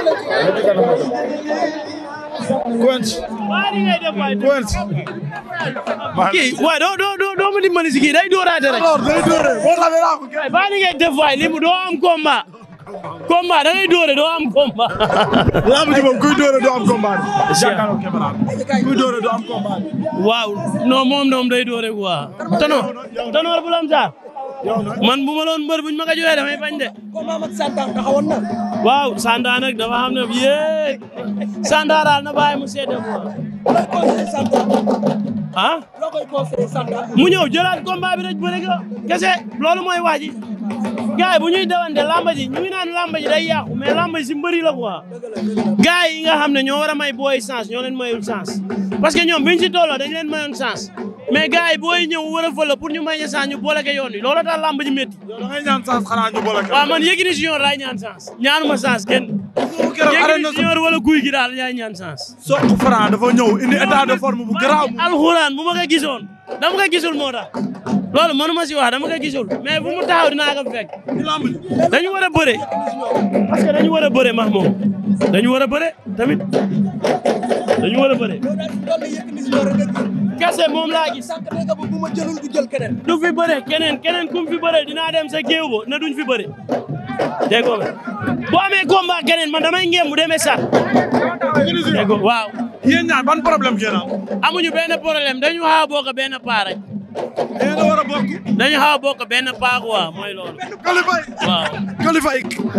Quench. Quench. kii waaye baa ni ngay def waay li mu doo am combat. combat da ngay doore doo am combat. lamb ji day doore quoi. tanoor tanoor bu lam man bu ma loon mbër buñ ma ko joxee damay bañ de. combat ak Sanda taxawoon na. waaw Sanda na bàyyi mu seede ko. Ah? loo koy conseillé Sanda. ah. loo koy conseillé kese loolu mooy waaji gaay bu ñuy dawante lamba ji ñu ngi naan lamba ji day yàqu mais lamba ji si mbëri la gaay yi nga xam ne ñoo war a may booy chance ñoo leen mayul chance parce que ñoom biñ si dañ leen mayoon chance mais gars yi booy ñëw war a fëla pour ñu may chance ñu booleke yoon wi loolu tax lamba ji métti da ngay ñaan chance xanaa ñu booleke waaw ñaan chance ñaanuma chance kenn Yékini wala guy gi daal laay ñaan chance Sokh Franc dafa ñëw indi état de forme bu garaaw alxuraan bu ma moo loolu ma si wax dama koy gisul mais bu mu taxaw dinaa ko fekk dañu war a bëre parce dañu war a bëre max moom dañu war a bëre tamit dañu war a bëre kese moom laa gis bu ma jëlul du keneen du fi bëre keneen keneen kum fi bëre dinaa dem sa géew ba na duñ fi bëre dégg nga boo amee combat keneen man damay ngeen mu demee sax dégg nga waaw yéen ñaar ban problème ngeen am amuñu benn problème dañu xaw a bokk benn paa rek da ngeen a war a bokk. dañu xaw a bokk benn paa quoi mooy loolu. waaw.